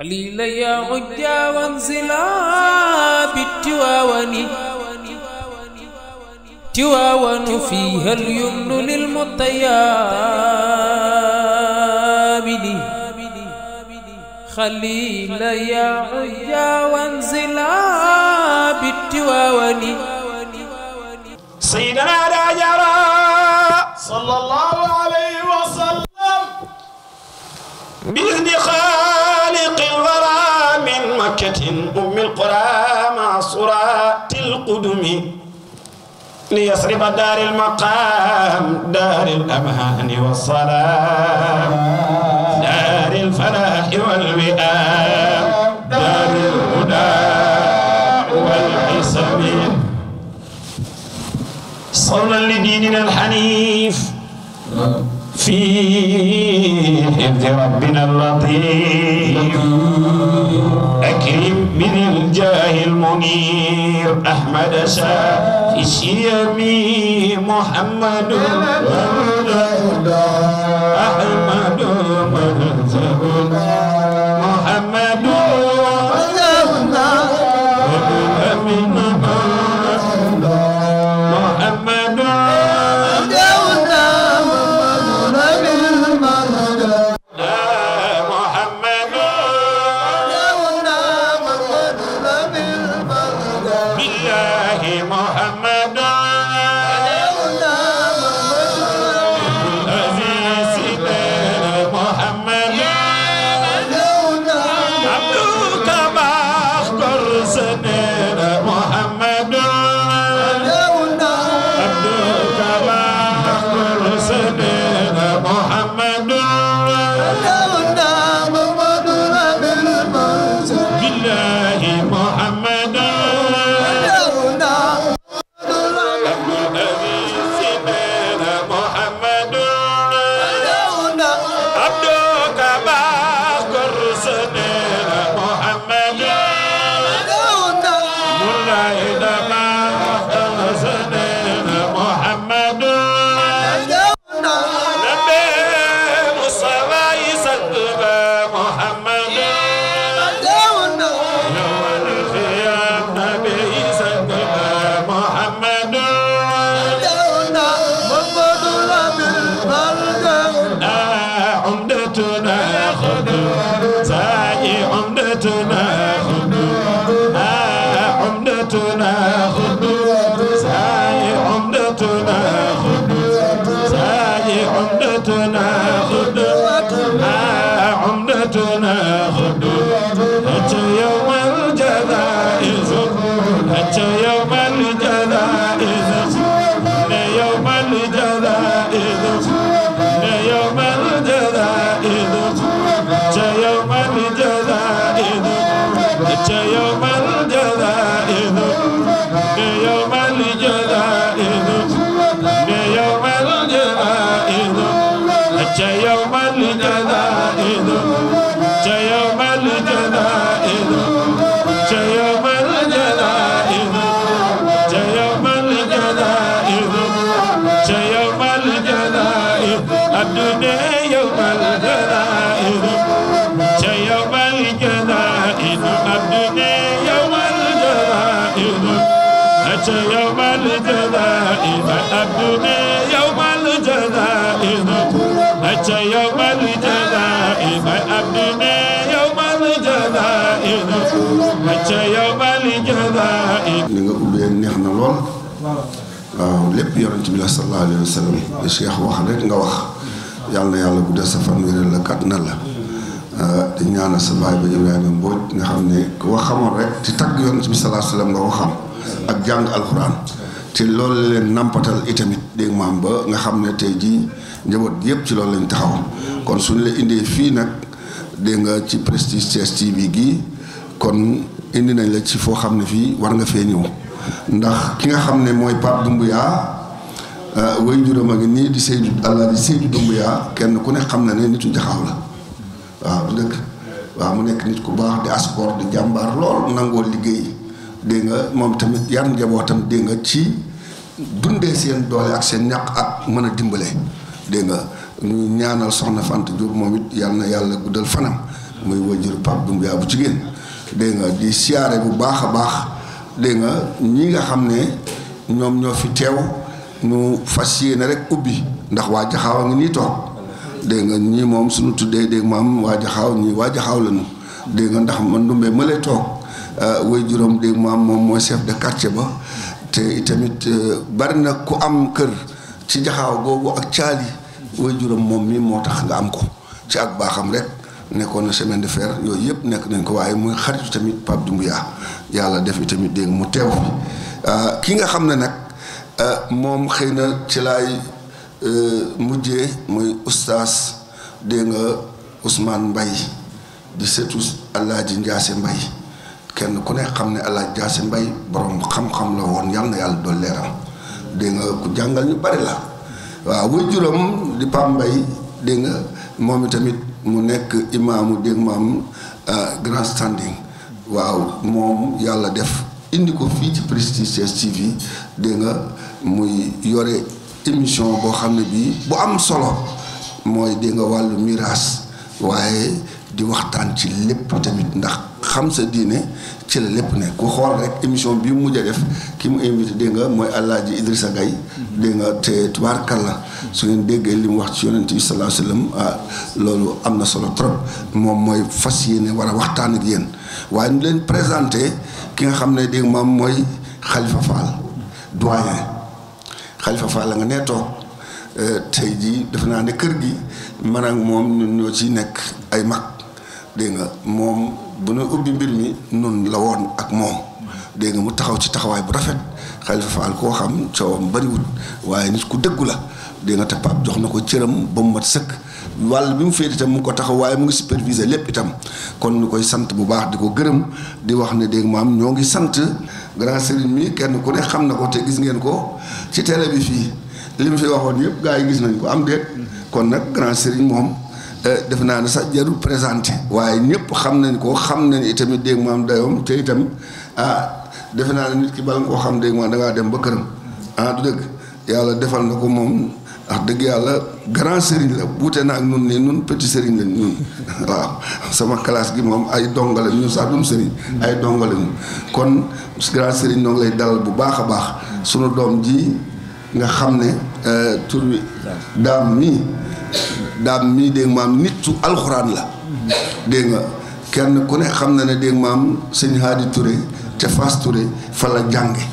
خليل يا غجا وانزلا بتواوني تواون فيها اليمن للمطيابد خليل يا عيا وانزلا بتواوني سيدنا راجرا صلى الله عليه وسلم بإذن خالد مكة أم القرى مع صراط القدم ليصرف دار المقام دار الأمان والصلاة دار الفلاح والوئام دار الهدى والعصم صولا لديننا الحنيف في حفظ ربنا اللطيف منير أحمد شافي الشيمي محمد أحمد منزل Muhammad I you. Neng nga ubbee neex na lool waaw lépp yonent bi la sallallahu alayhi wa sallam li cheikh wax rek nga wax yàlla na yàlla sa la kat na la di ñaanal sa baay ba ibrahima mbooj nga xam ne ku wax xamoon rek ci tagg yonent Al sallallahu alayhi wa sallam nga ko xam ak jàng alquran te loolu leen nampatal itamit dégg maam ba nga xam ne tey ci lañ taxaw kon suñ le indi fii nag dégg nga ci prestige tv gi kon indi nañ la ci foo xam ne fii war nga fee ñëw ndax ki nga xam ne mooy Pape Doumbouya euh, way juróom a ngi nii di Seydou Alaaji Seydou Doumbouya kenn ku ne xam na ne nitu jaxaaw la waaw du dëkk waaw mu nekk nit ku baax di asport di jàmbaar lool nangoo liggéey dégg nga moom tamit yar njabootam dégg nga ci dundee seen doole ak seen ñaq ak mën a dimbale dégg nga ñu ñaanal soxna Fanta Diop moom it yàlla na yàlla guddal fanam muy wajur Pape Doumbouya bu jigéen dégg nga di siyaare bu baax a baax dégg nga ñi nga xam ne ñoom ñoo fi teew ñu fas yéene rek ubbi ndax waa jaxaaw a ngi nii toog dégg nga ñii moom suñu tuddee dégg ma am waa jaxaaw ñii waa jaxaaw lañu dégg nga ndax man dumbee ma lay toog euh, way juróom dégg ma moom mooy chef de quartier ba te itamit euh, bari na ku am kër ci jaxaw googu ak caali way juróom moom mii moo tax nga am ko ci ak baaxam rek nekkoon na semaine de fer yooyu yëpp nekk nañ ko waaye muy xaritu tamit Pape Doumbouya yàlla def tamit dégg mu teew ki nga xam ne nag moom xëy na ci lay mujjee muy ustaas dégg nga Ousmane Mbaye di seetu Alaaji Njaase Mbaye kenn ku ne xam ne Alaaji Njaase mbay borom xam-xam la woon yal na yàlla dool leeram dégg nga ku jàngal ñu bari la waaw wuy juróom di Pape Mbaye dégg moom itamit mu nekk imaamu dégg maam euh, grand standing waaw moom yàlla def indi ko fii ci Prestige TV dégg nga muy yore émission boo xam ne bii bu am solo mooy dégg nga wàllu miraas waaye di waxtaan ci lépp tamit ndax xam sa diine ci lépp ne ku xool rek émission bi mu mujj def ki mu invité dégg nga mooy Alaaji Idrissa Gaye mm-hmm. dégg nga te tubaarkalla mm-hmm. su ngeen déggee li mu wax ci yonent bi sallallahu alayhi wa ah, loolu am na solo trop moom mooy fas yéene war a waxtaan ak yéen waaye ñu leen présenté ki nga xam ne dégg moom mooy Khalifa Fall doyen la nga nee toog euh, tey jii defe naa ne kër gi man moom ñun ñoo ci nekk ay mag dégg nga moom bu nu ubbi mbir mi noonu la woon ak moom dégg nga mu taxaw ci taxawaay bu rafet Khalifa Fall koo xam coowam bariwul waaye nit ku dëggu la dégg nga te jox na ko cëram ba mu mat sëkk wàll bi mu féete itam mu ngi ko taxaw waaye mu ngi superviser lépp itam kon ñu koy sant bu baax di ko gërëm di wax ne dégg am ñoo ngi sant grand sëriñ mi kenn ku ne xam na ko te gis ngeen ko ci télé bi fii li mu fi waxoon yëpp gaa yi gis nañ ko am déet kon nag grand moom Euh, defe naa ne sax jarul présenté waaye ñëpp xam nañ ko xam nañ itamit dégg maam dayoom te itam ah defe naa ne nit ki bala nga koo xam dégg maam dangaa dem ba këram ah du dëgg yàlla defal na ko moom wax dëgg yàlla grand sëriñ la wuute na ak nun nii nun petit sëriñ lañ ñun waaw sama classe gi moom ay donga la ñun sax duñ sëriñ ay donga la ñun kon grand sëriñ noo lay dalal bu baax a baax sunu doom ji nga xam ne Euh, tur wi daam mi daam mii dégg maam nit alxuraan la dégg nga kenn ku ne xam na ne dégg maam sëñ Haadi Touré ca Fass Touré fa la jànge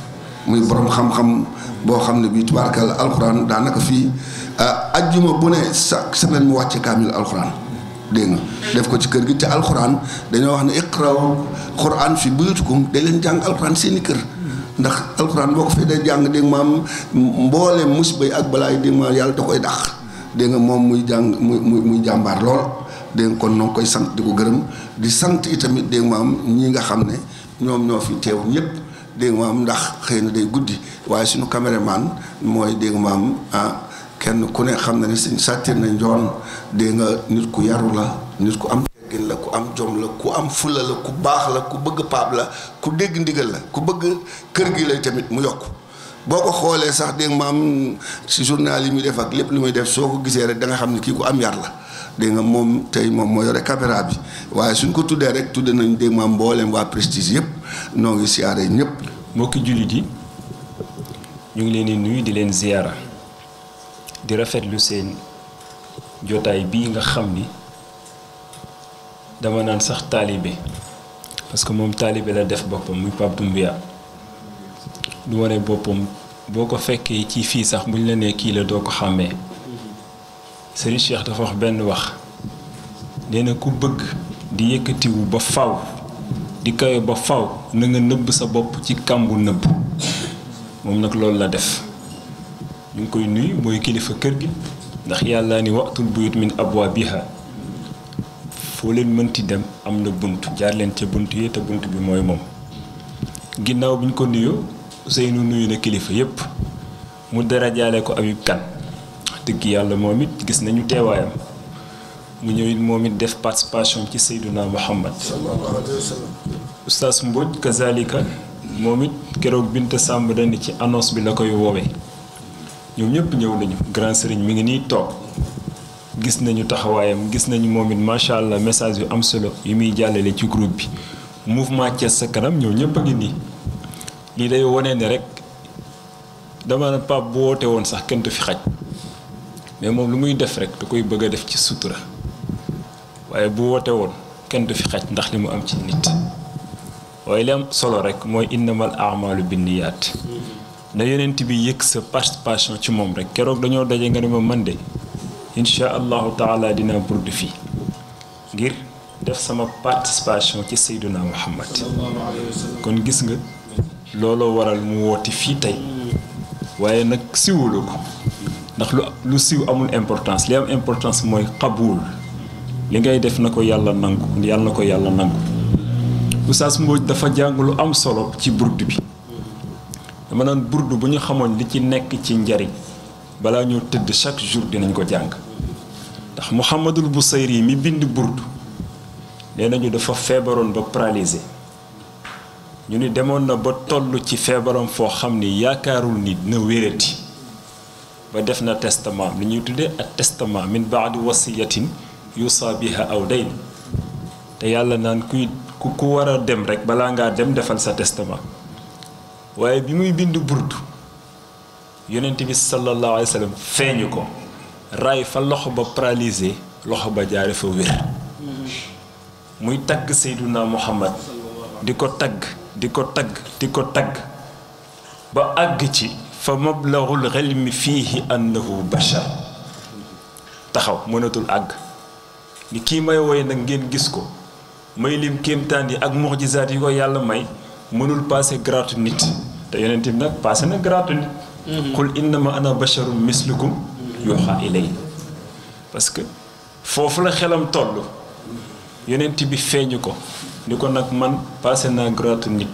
muy borom xam-xam boo xam ne bi bii tubaarkal alxuraan daanaka fii euh, ajjuma bu ne sa semaine mu wàcce kaamil alxuraan dégg nga def ko ci kër gi te alxuraan dañoo wax ne iqraw quraan fi buyutikum da leen jàng alxuraan seeni kër ndax alxuraan boo ko fee dee jàng dégg maam mboole mus yi ak balaa yi dégg maam yàlla da koy dax dégg nga moom muy jàng muy muy muy jàmbaar lool dégg nga kon noo koy sant di ko gërëm di sant itamit dégg maam ñi nga xam ne ñoom ñoo fi teew ñëpp dégg maam ndax xëy na day guddi waaye suñu caméraman mooy dégg maam ah kenn ku ne xam na ni sëñ sàttir na njoon dégg nit ku yaru la nit ku am am jom la ku am fula la ku baax la ku bëgg paab la ku dégg ndigal la ku bëgg kër gi lay tamit mu yokk boo ko xoolee sax dégg nga maam si journal yi muy def ak lépp lu muy def soo ko gisee rek da nga xam ne kii ko am yar la dégg nga moom tey moom moo yore caméra bi waaye suñ ko tuddee rek tudd nañ dégg maam mbooleem waa prestige yëpp noo ngi siyaare ñëpp. mbokki jullit yi ñu ngi leen di nuyu di leen ziyaara di rafetlu seen jotaay bii nga xam ni. dama naan sax taalibe parce que moom taalibe la def boppam muy Pape Doumbia du wane boppam boo ko fekkee ci fii sax buñ la nee kii la doo ko xàmmee Serigne Cheikh dafa wax benn wax nee na ku bëgg di yëkkatiwu ba faw di kawe ba faw na nga nëbb sa bopp ci kàmbu nëbb moom nag loolu la def ñu ngi koy nuyu mooy kilifa kër gi ndax yàlla ni waxtul buyut min abwaabiha foo leen mënti dem am na bunt jaar ca bunt yi te bunt bi mooy moom ginnaaw bi ñu ko nuyoo Ousseynou nuyu na kilifa yépp mu darajaale ko Habib Kane dëgg yàlla moom it gis nañu teewaayam mu ñëw it moom it def participation ci Seydouna Muhammad Oustaz Mbodj kazalika moom it keroog Binta Samb dani ci annonce bi la koy woowee ñoom ñëpp ñëw nañu grand sëriñ mi ngi nii toog gis nañu taxawaayam gis nañu moom it macha allah message yu am solo yu muy jàllale ci groupe bi mouvement Thiès sa kanam ñëw ñëpp a ngi nii lii day wane ne rek dama ne Pape bu woote woon sax kenn du fi xaj mais moom lu muy def rek da koy bëgg a def ci sutura waaye bu woote woon kenn du fi xaj ndax li mu am ci nit waaye li am solo rek mooy innamal amalu binniyaat na yonent bi yëg sa participation ci moom rek keroog dañoo daje nga ne ma man de insha allahu taala dina burdu fi. ngir def sama participation ci sayyiduna Muhammad kon gis nga lolo waral mu woti fi tay waye nak siwulu ko ndax lu lu siw amul importance li am importance moy qabul li ngay def na ko yàlla nangu yalla na ko nangu Oustaz Mbodj dafa jang lu am solo ci burdu bi dama nan burdu buñu xamone li ci nek ci njariñ bala ñu teud chaque jour dinañ ko jang ndax Muhammadul Busayri mi bind burdu nee nañu dafa feebaroon ba paralysé ñu ni demoon na ba toll ci feebaram foo xam ni yaakaarul ni dina wérati ba def na testament li ñuy tuddee ak testament min baax baadi wasiyatin yusa biha aw dayn te yàlla naan kuy ku ku war a dem rek balaa ngaa dem defal sa testament waaye bi muy bind burdu yonent bi sallallahu alayhi wa feeñu ko ray fa loxo ba paralysé loxo ba jaare fa wér muy tagg seyduna muhammad di ko tagg di ko tagg di ko tagg ba àgg ci fa mablaxul xelmi fiihi annahu bashar taxaw mënatul àgg ni kii may woy nag ngeen gis ko may lim kéemtaan yi ak muxjisaat yi ko yàlla may mënul passé gratu nit te yonent bi nag passé na gratu nit qul innama ana basharun mislukum yuuxa que foofu la xelam toll yonent bi feeñu ko ni ko nag man passé na gratu nit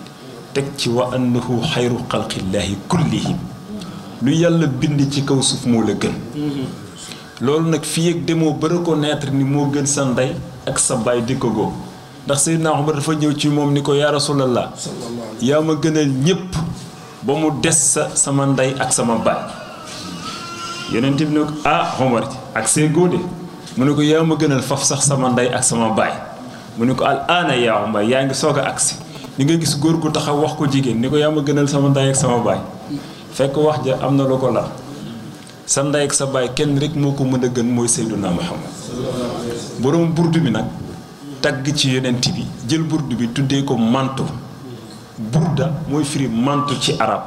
teg ci wa annahu xayru xalqillaahi kullihim lu yàlla bind ci kaw suuf moo la gën loolu nag fii ak demoo ba reconnaître ni moo gën sa ndey ak sa baay di ko ndax ndax naa Omar dafa jëw ci moom ni ko yaa rasulallah yaa ma gënal ñépp ba mu des sa sama ndey ak sama baay yonent bi ne ko ah Omar ak see góode mu ne ko yaa ma gënal faf sax sama ndey ak sama baay mu ne ko al aana yaa Omar yaa ngi soog a si li nga gis góor gu taxaw wax ko jigéen ni ko yaam a gënal sama ndey ak sama baay fekk wax ja am na lu ko la sa ndey ak sa baay kenn rek moo ko mën a gën mooy Seydunaa Muhammad borom burdu bi nag tagg ci yonent bi jël burdu bi tuddee ko mantu burda mooy firi mantu ci arab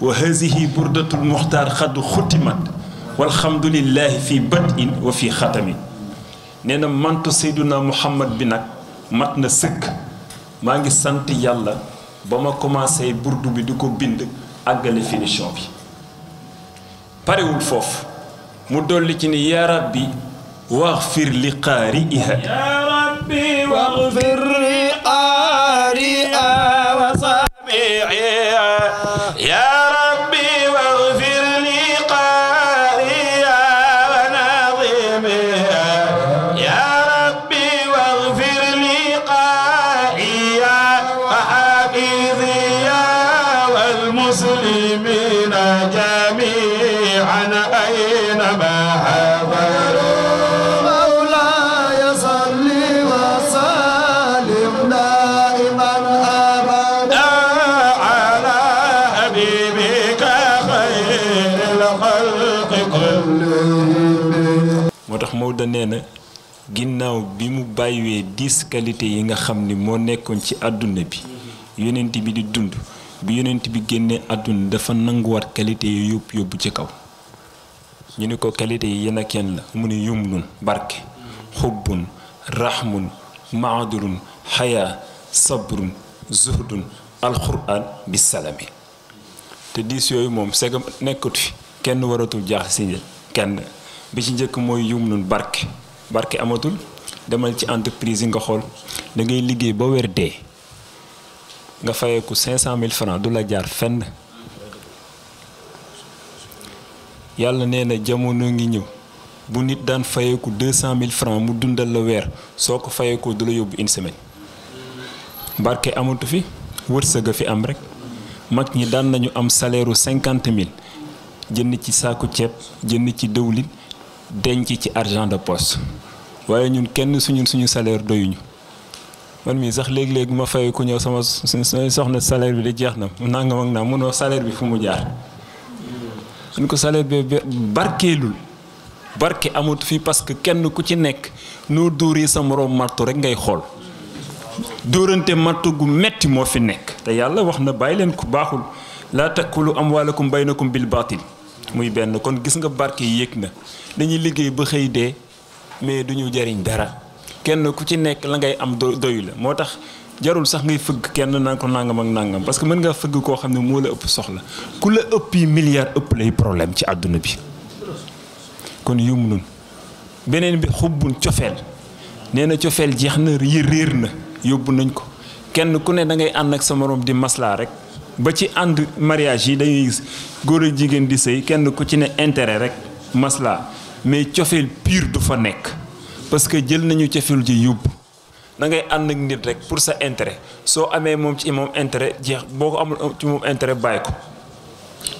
wa hazihi burdatul muxtaar xaddu xutimat والحمد لله في بدء وفي خاتم نينا مانتو سيدنا محمد بن ماتنا سك ماغي سانت يالا بما كوماسي بوردو بي دوكو بيند اغال فينيشن بي باري وول فوف مو دولي يا ربي واغفر لقارئها يا ربي واغفر لقارئها وصامعها يا nee ginnaaw bi mu bàyyiwee diis qualité yi nga xam ni moo nekkoon ci àdduna bi yonent bi di dund bi yonent bi génnee àdduna dafa nanguwaat qualité yi yóbbu yóbbu ci kaw ñu ni ko qualité yi yenn kenn la mu ne yumnun barke xubbun raxmun maadurun xayaa sabrun zuhdun alxuraan bi te diis yooyu moom segam nekkut fi kenn waratul jaax si kenn bi ci njëkk mooy yum nun barke barke amatul demal ci entreprise yi nga xool da ngay liggéey ba weer dee nga fayeeku cinq cent mille francs du la jaar fenn yàlla nee na jamono ngi ñëw bu nit daan fayeeku deux cent mille francs mu dundal la weer soo ko fayeekoo du la yóbbu une semaine barke amatu fi wërsëg a fi am rek mag ñi daan nañu am salaire u cinquante mille jënd ci saaku ceeb jënd ci dëwlin denc ci argent de poste waye ñun kenn suñu suñu salaire doyuñu man mi sax leg leg ma fay ku ñëw sama soxna salaire bi di jeex na nangam ak na mëno salaire bi fu mu jaar suñ ko salaire bi barkeelul barke amut fi parce que kenn ku ci nekk no dóoree sa morom martu rek ngay xol dóorante martu gu metti mo fi nekk te yàlla wax na bàyyi leen ku baxul laa takulu amwaalakum baynakum bil baatil muy benn kon gis nga barke yi yéeg na dañuy liggéey ba xëy dee mais du ñu jariñ dara kenn ku ci nekk la ngay am doyu la moo tax jarul sax ngay fëgg kenn naa ko nangam ak nangam parce que mën nga fëgg koo xam ne moo la ëpp soxla ku la ëpp yi milliard ëpp lay problème ci àdduna bi kon yum nun beneen bi xubbun cofeel nee na cofeel jeex na yi réer na yóbbu nañ ko kenn ku ne da ngay ànd ak sa morom di maslaa rek ba ci ànd mariage yi dañuy gis góor ak jigéen di sëy kenn ku ci ne intérêt rek masla mais cofeel pur du fa nekk parce que jël nañu cofeel ji yóbbu da ngay ànd ak nit rek pour sa intérêt soo amee moom ci moom intérêt jeex boo ko amul ci moom intérêt bàyyi ko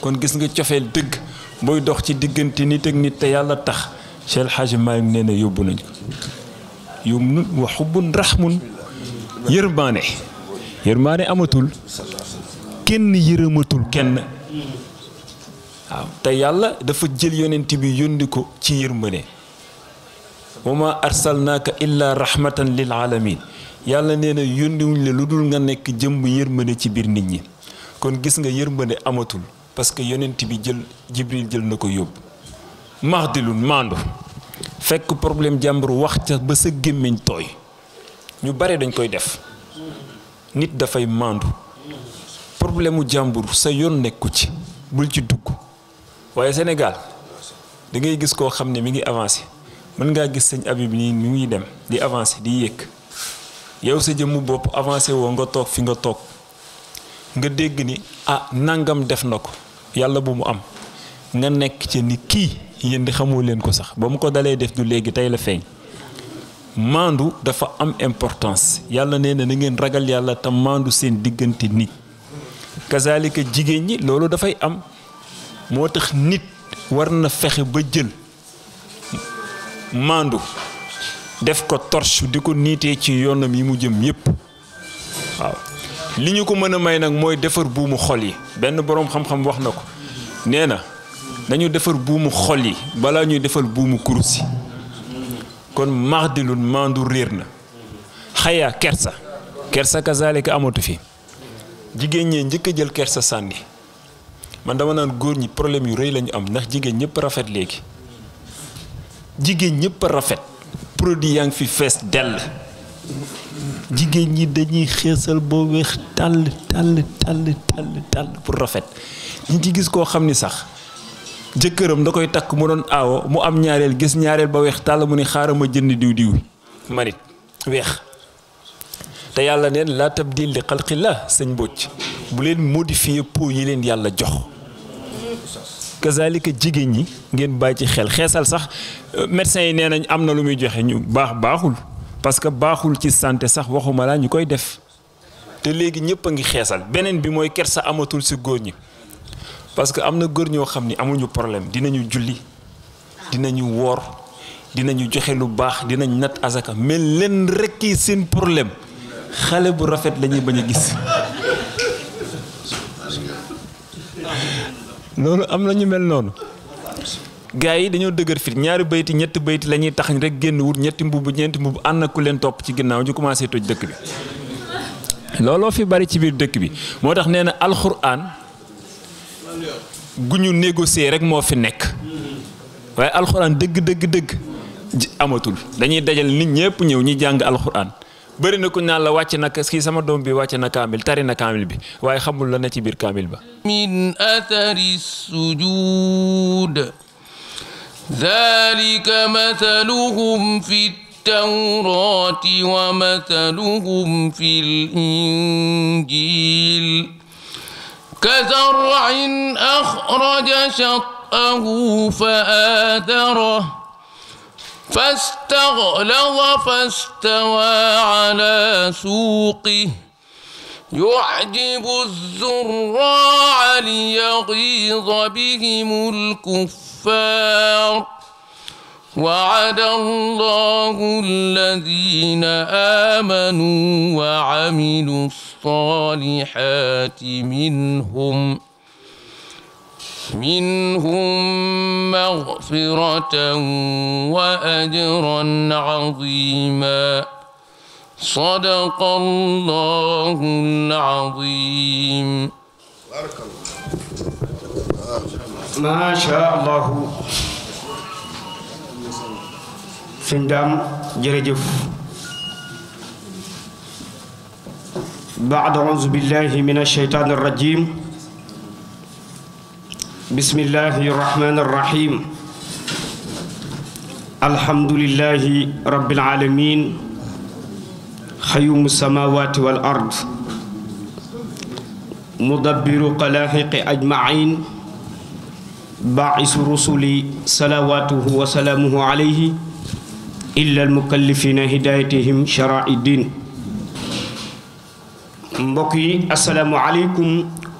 kon gis nga cofeel dëgg booy dox ci diggante nit ak nit te yàlla tax Cheikh El Hadj Malick nee na yóbbu nañ ko yumnun wa xubbun rahmun yërmaane yërmaane amatul kenn yërëmatul kenn waaw te yàlla dafa jël yonent bi yónni ko ci yërmbëne wa ma arsalnaaka illa rahmatan lil alamin yàlla nee na yónniwuñ la lu dul nga nekk jëmb yërmande ci biir nit ñi kon gis nga yërmande amatul parce que yonent bi jël jibril jël na ko yóbbu maxdilun maandu fekk problème jàmbur wax ca ba sa gémmiñ tooy ñu bare dañ koy def nit dafay maandu problème mu jàmbur sa yoon nekku ci bul ci dugg waaye Sénégal dangay gis koo xam ne mi ngi avancé mën ngaa gis sëñ Habib nii mu ngi dem di avancer di yéeg yow sa jëmmu bopp avancé woo nga toog fi nga toog nga dégg ni ah nangam def na ko yàlla bu mu am nga nekk ci ni kii yéen di xamoo leen ko sax ba mu ko dalee def du léegi tey la feeñ maandu dafa am importance yàlla nee na na ngeen ragal yàlla te maandu seen diggante nit kazalika jigéen ñi loolu dafay am moo tax nit war na fexe ba jël maandu def ko torche di ko niitee ci yoonam yi mu jëm yépp waaw li ñu ko mën a may nag mooy defar buumu xol yi benn boroom xam-xam wax na ko nee na nañu defar buumu xol yi balaa ñuy defal buumu kurus yi kon maxdilun maandu réer na xayaa kersa kersa kazalika amatu fi jigéen ñee njëkk a jël sa sànni man dama naan góor ñi problème yu rëy lañu am ndax jigéen ñëpp rafet léegi jigéen ñëpp rafet produit yaa ngi fi fees dell jigéen ñi dañuy xeesal boo weex tàll tàll tàll tàll tàll pour rafet ñi ci gis koo xam ni sax jëkkëram da koy takk mu doon aawo mu am ñaareel gis ñaareel ba weex tàll mu ne xaaral ma jënd diw diw manit weex te yàlla neen laa tabdil li xalqillah sëñ Mbodj bu leen modifier peau yi leen yàlla jox kazalika jigéen ñi ngeen bàyyi ci xel xeesal sax euh, médecins yi nee nañ am na lu muy joxe ñu baax baaxul parce que baaxul ci santé sax waxuma laa ñu koy def te léegi ñëpp a ngi xeesal beneen bi mooy kersa amatul si góor ñi parce que am na góor ñoo xam ni amuñu problème dinañu julli dina ñu woor dinañu joxe lu baax dinañ nat azaka mais leen rekk seen problème xale bu rafet la bañ a gis loolu am na ñu mel noonu gaa yi dañoo dëgër fit ñaari bayti ñetti bayti lañuy tax taxañ rek génn wut ñetti mbubb ñeenti mbubb ànd ku leen topp ci ginnaaw ñu commencé toj dëkk bi looloo fi bari ci biir dëkk bi moo tax nee na alxuraan gu ñu négocier rek moo fi nekk waaye alxuraan dëgg dëgg dëgg amatul dañuy dajal nit ñëpp ñëw ñi jàng alxuraan bari na ko naan la wàcc nak ski sama doom bi wàcc na kamil tari na kamil bi waaye xamul la na ci bir kamil ba min athari sujud zalika mathaluhum fi التوراة ومثلهم في الإنجيل كزرع أخرج شطأه فآذره فاستغلظ فاستوى على سوقه يعجب الزراع ليغيظ بهم الكفار وعد الله الذين آمنوا وعملوا الصالحات منهم منهم مغفرة وأجرا عظيما صدق الله العظيم بارك الله ما شاء الله سندام جرجف بعد أعوذ بالله من الشيطان الرجيم بسم الله الرحمن الرحيم الحمد لله رب العالمين خيوم السماوات والأرض مدبر قلاهق أجمعين باعث الرسل صلواته وسلامه عليه إلا المكلفين هدايتهم شرع الدين mbokk السلام عليكم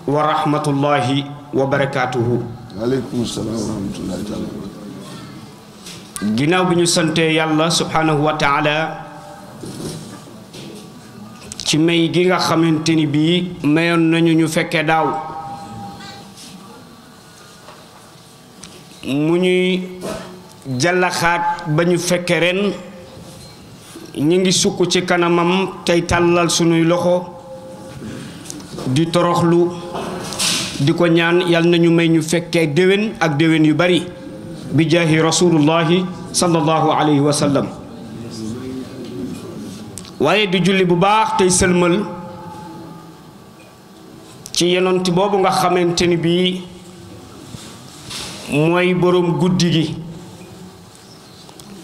wa rahmatullahi wa barakatuh. alaykum assalam wa rahmatullahi ginaaw biñu sante yalla subhanahu wa ta'ala ci may gi nga xamanteni bi mayon nañu ñu fekke daw mu ñuy jallaxaat ba ñu fekke ren ñi ngi sukku ci kanamam tay talal suñuy loxo di toroxlu di ko ñaan yal nañu may ñu fekkee déwén ak déwén yu bari bi jaahi rasulullahi sallallahu alayhi wa sallam waaye di julli bu baax tey sëlmal ci yonent boobu nga xamante ni bii mooy boroom guddi gi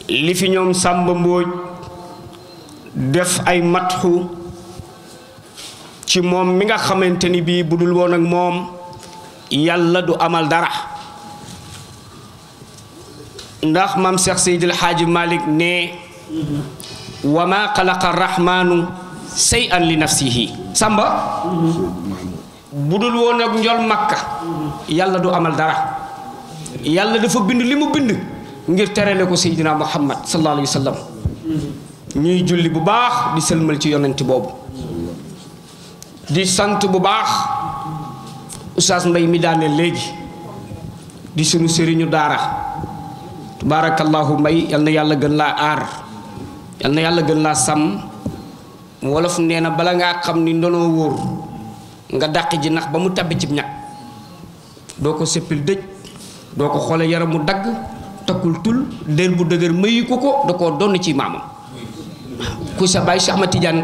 li fi ñoom Sàmba Mbooj def ay matxu ci moom mi nga xamante ni bii bu dul woon ak moom yàlla du amal dara ndax maam Cheikh Seydil xaaj Malik ne wa ma xalaqa rahmaanu say an li nafsihi samba bu dul woon ak njol makka yàlla du amal dara yàlla dafa bind li mu bind ngir terale ko seydina muhammad sallallahu alayhi ñuy julli bu baax di sëlmal ci yonent boobu di sant bu baax oustaz mbay mi daane legi di sunu serignu dara tabarakallahu may yal na gën la ar yal na gën la sam wolof neena na bala nga xam ni ndono wor nga dakk ji nax ba mu tabbi ci ñak doko seppil séppil doko xolé yaramu dag takul tul del bu deuguer mayu ko ko da ci mamam ku sa baay Cheikh Ahmad Tidiane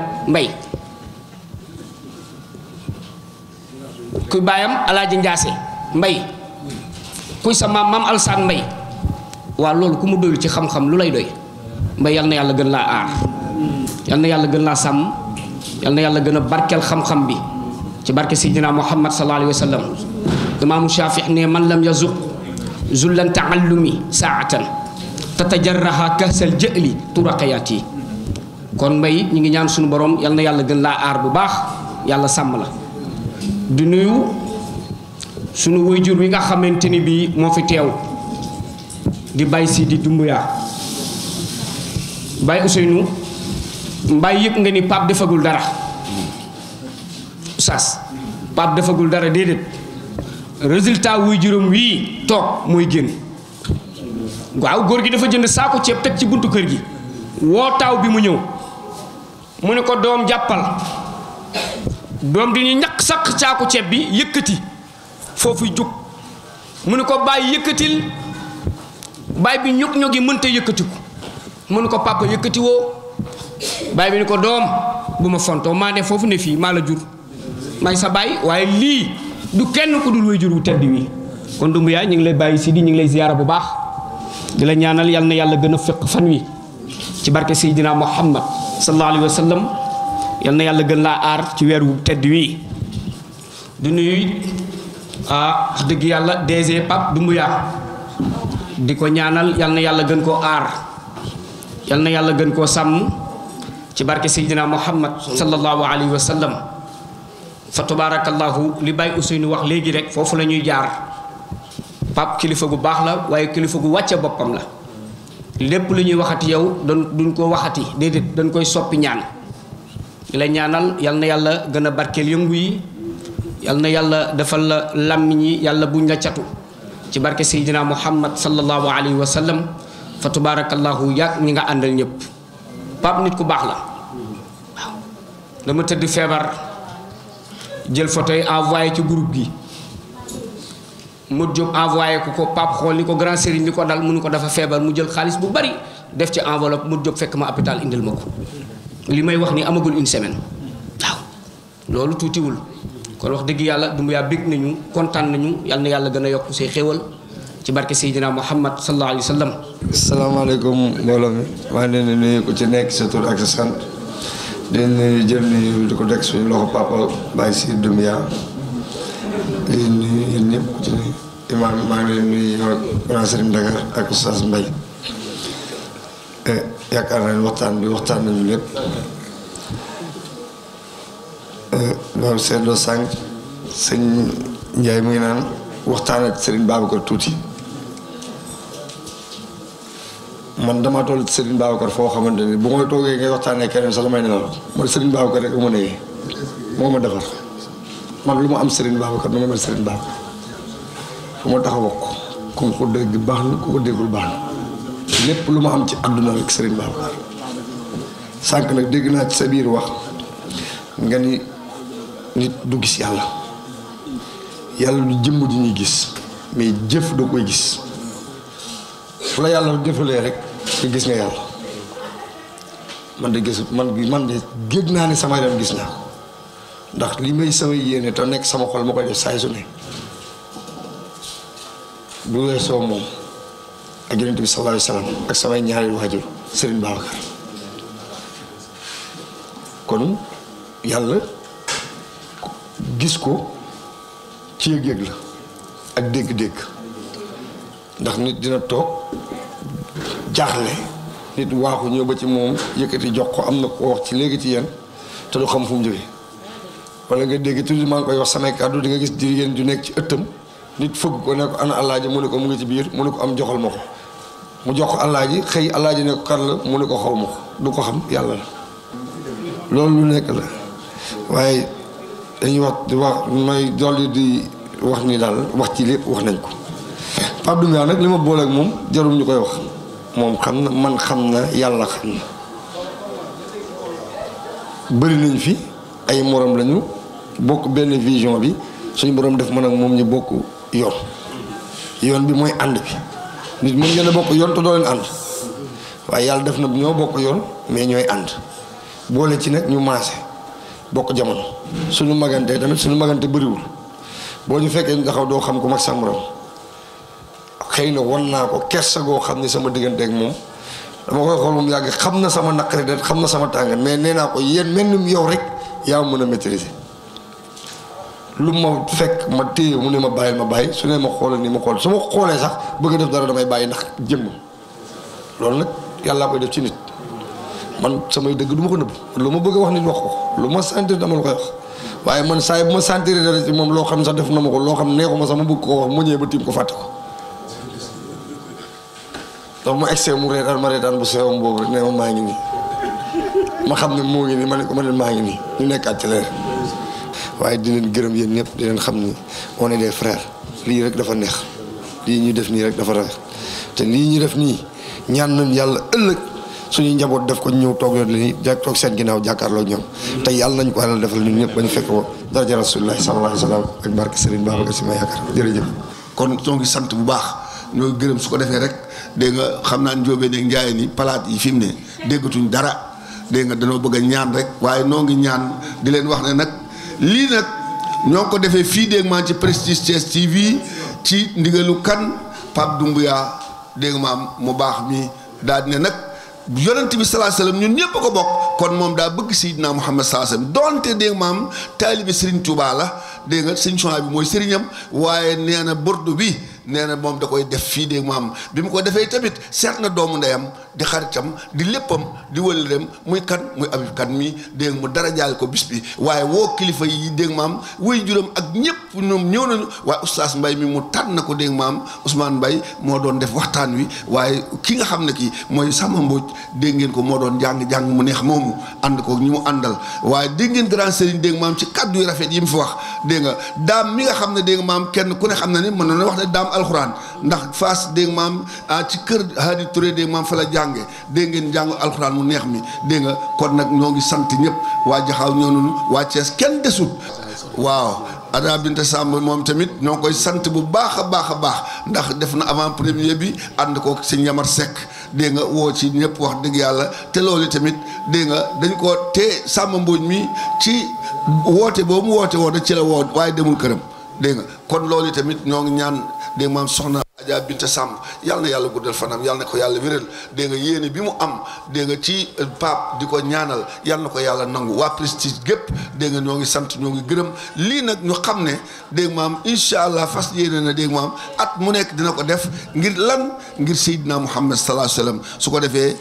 kuy baayam alaaji njaase mbay kuy sa maam maam alsaan mbay waaw loolu ku mu doyul ci xam-xam lu lay doy mbay yal na yàlla gën laa aar yal na yàlla gën laa sàmm yal na yàlla gën a barkeel bi ci barke seydina muhammad sallallahu alayhi wa sallam imaamu shafix ne man lam yazuq zullan taallumi saatan tatajarraha kahsal jëli turaqayaat yi kon mbay ñu ngi ñaan sunu borom yàlla na yàlla gën laa aar bu baax yàlla sàmm la di nuyu sunu jur wi nga xamante ni bii moo fi teew di Baye Sidi Doumbouya Baye Ousseynou Mbaye yëpp nga ni Pape defagul dara sas Pape defagul dara déedéet résultat juróom wii toog mooy génn waaw góor gi dafa jënd saako ceeb teg ci buntu kër gi woo taaw bi mu ñëw mu ne ko doom jàppal doom ji ñu ñaq saq caaku ceeb bi yëkkati foofu jug mu ne ko bàyyi yëkkatil baay bi ñog mën mënta yëkkatiku mu ne ko papa yëkkatiwoo woo bi ni ko doom bu ma fontoo maa ne foofu ne fii maa la jur may sa baay waaye lii du kenn ku dul way jur wu tedd wi kon dumb yaay ñu ngi lay bàyyi si di ñu ngi lay ziyaara bu baax di la ñaanal yàlla na yàlla gën a fekk fan wi ci barke Seydina Muhammad sallallahu alayhi wa sallam yal na yàlla gën laa aar ci weer wu tedd wii di nuyu ah wax dëgg yàlla DG Pape Doumbouya di ko ñaanal yal na yàlla gën koo aar yal na yàlla gën koo sàmm ci barke Seydina Muhammad sallallahu alayhi wa sallam fa tabarakallahu li Baye Ousseynou wax léegi rek foofu la ñuy jaar Pape kilifa gu baax la waaye kilifa gu wàcce boppam la lépp lu ñuy waxati yow doon duñ ko waxati déedéet dañ koy soppi ñaan. ila ñaanal yal na yàlla gën a barkeel yëngu yi yal na yàlla defal la làmmiñ buñ la catu ci barke sayidina muhammad sallallahu alayhi wa sallam fa tabarakallahu yàgg ñi nga àndal ñëpp pap nit ku baax la dama tëdd feebar jël photo yi envoyé ci groupe gi mu job envoyé ko ko pap xol ni ko grand serigne li ko dal mu ko dafa feebar mu jël xaalis bu bari def ci enveloppe mu fekk ma hôpital indil mako li may wax ni amagul une semaine waaw loolu tuutiwul kon wax dëgg yàlla Dumbuya bég nañu kontaan nañu yal na yàlla gën a yokk say xéewal ci barke Seydina Muhammad sallallahu alayhi wa sallam. asalaamaaleykum mbooloo mi maa ngi leen ku ci nekk sa tur ak sa sant di nuyu jëm ni di ko teg suñu loxo papa Baye Sy Dumbuya di nuyu ku ci nuyu imaam maa ngi leen di nuyu yow Grand Serigne Dakar ak yaakaar naa ne waxtaan bi waxtaan nañu lépp euh, loolu seetloo sànq sëñ Ndiaye mu ngi naan waxtaan sëriñ Serigne Babacar tuuti man dama toll ci Serigne Babacar foo xamante ni bu ma toogee ngay waxtaanee keneen sax damay nelaw man Serigne Babacar rek mu ne moo ma defar man lu ma am Serigne Babacar nu ma mel Serigne Babacar fu ma tax a wokk ku dégg baax na ku ko déggul baax na. lepp lu ma am ci aduna rek serigne Babacar sank nak deg na ci sa biir wax nga ni nit du gis yalla yalla du jëm ji ñi gis mais jëf do koy gis fu la yalla defale rek ci gis nga yalla man de gis man man de gég na ni sama yaram gis na ndax li may sama yene ta nek sama xol mako def say su ne bu weso mom ak bi sallallahu alayhi wa sallam ak samay ñaari waajur kon yàlla gis ko ci yëg-yëg la ak dégg-dégg ndax nit dina toog jaaxle nit waaxu ñëw ba ci moom yëkkati jox ko am na ko wax ci léegi ci yéen te du xam fu mu jógee wala nga dégg toujours maa ngi koy wax samay kàddu di nga gis jigéen ju nekk ci ëttam nit fëgg ko ne ko ana alaaja mu ne ko mu ngi ci biir mu ne ko am joxal ma ko mu jox ko allaaji xëy allaaji ne ko kan la mu ne ko xaw ma ko du ko xam yàlla la loolu nekk la waaye dañuy wax di wax may dolli di wax nii daal wax ci lépp wax nañ ko Pape Doumbia nag li ma booleek moom jarul ñu koy wax moom xam na man xam na yàlla xam na bëri nañ fi ay moroom lañu bokk benn vision bi suñu boroom def man ak moom ñu bokk yoon yoon bi mooy ànd bi nit mën ngeen a bokk yoon te doo leen ànd waaye yàlla def na ñoo bokk yoon mais ñooy ànd boole ci nag ñu maase bokk jamono suñu magante tamit suñu magante bëriwul boo ñu fekkee ñu taxaw doo xam ko mag sa morom xëy na wan naa ko kersa goo xam ne sama digganteek moom dama koy xool moom yàgg xam na sama naqari de xam na sama tàngan mais nee naa ko yéen mel ni yow rek yaa mën a maîtriser. lu ma fekk ma téye mu ne ma bàyyil ma bàyyi su ne ma xoolal ni ma xool su ma xoolee sax bëgg def dara damay bàyyi ndax jëmm loolu nag yàllaa koy def ci nit man samay dëgg du ma ko nëbb lu ma bëgg wax nit wax ko lu ma sentir dama la koy wax waaye man saa bu ma sentir dara ci moom loo xam sax def na ma ko loo xam neexu ma sax ma bëgg wax mu ñëwee ba tiim ko fàtte ko dafa ma egsee mu reetaan ma reetaan bu sewam boobu nee ma maa ngi nii ma xam ne moo ngi nii ma ne ko ma ne maa ngi nii ñu nekkaat ci waye di len gërëm yeen ñep di len xam ni on est des frères li rek dafa neex li ñu def ni rek dafa ra te li ñu def ni ñaan nañ yalla ëlëk suñu njabot def ko ñew tok yoon li jak tok seen ginaaw jakarlo ñom te yalla nañ ko yalla defal ñun ñep bañ fekk ko daraja rasulullah sallallahu alaihi wasallam ak barke Serigne baba gassima ma yaakaar jërëjëf kon ñoo ngi sant bu baax ñoo gërëm su ko defé rek de nga xam naa njóobee ne njaay ni palaat yi fimne mu dara de nga dañu bëgg ñaan rek waye no ngi ñaan di leen wax ne nak lii nag ñoo ko defee fii dégg maam ci Prestige Thiès TV ci ndigalu kan Pape Doumbouya dégg maam mu baax mi daal di ne nag yonent bi salaa salaam ñun ñëpp ko bokk kon moom daa bëgg Seydina Muhammad salaa salaam donte dégg maam taalibe Serigne Touba la dégg nga Serigne bi mooy sëriñam waaye nee na bordu bi. nee na moom da koy def fii de mu bi mu ko defee tamit seet na doomu ndeyam di xaritam di léppam di wëlëreem muy kan muy Habib kan mii dégg mu dara jaal ko bis bi waaye woo kilifa yi dégg maam wéy juróom ak ñëpp ñoom ñëw nañu waaye oustaz Mbaye mi mu tànn na ko dégg maam Ousmane Mbaye moo doon def waxtaan wi waaye ki nga xam ne kii mooy Samba Mbodj dégg ngeen ko moo doon jàng jàng mu neex moomu ànd kook ñi mu àndal waaye dégg ngeen grand sëriñ dégg maam ci kàddu yu rafet yi mu fi wax dégg nga daam mi nga xam ne dégg maam kenn ku ne xam na ni mënoon na wax ne daam alquran ndax fas mam a ah, ci keur hadi touré de mam fa la jangé de ngeen jang alquran mu neex mi de nga kon nak ñoo ngi sant ñep wa jaxaw ñoo kenn waaw ada binta sam mom tamit ñong koy sante bu baaxa baaxa baax ndax def na avant premier bi and ko ci ñamar sek de nga wo ci ñep wax deug yalla te lolu tamit de nga dañ ko te sam mboñ mi ci wote bo mu wote wo da ci la wo waye demul kërëm de nga kon lolu tamit ñong ñaan dégg nga maam Adja Binta Samb yàlla na yàlla guddal fanam yàlla na ko yàlla wéral dégg nga yéene bi mu am dégg ci euh, Pape di ko ñaanal yàlla na ko yàlla nangu waa Prestige gépp dégg nga ñoo ngi sant ñoo ngi gërëm lii nag ñu xam ne dégg maam incha allah fas yéene na dégg maam at mu nekk dina ko def ngir lan ngir Seydina Muhammad sallallahu alayhi wasallam su ko defee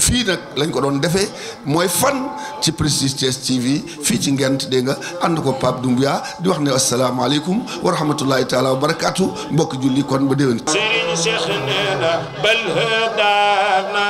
fii nag lañ ko doon defee mooy fan ci Prestige Thiès TV fii ci Ngent dégg nga ànd ko Pape Doumbia di wax ne asalaamaaleykum wa rahmatullahi taala wa barakaatu mbokk julli kon ba سيرين شيخنا بل هدانا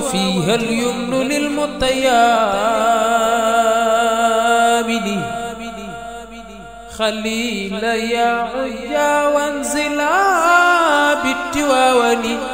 فيها اليمن للمتيامن خليل يا عيا وانزلا بالتواون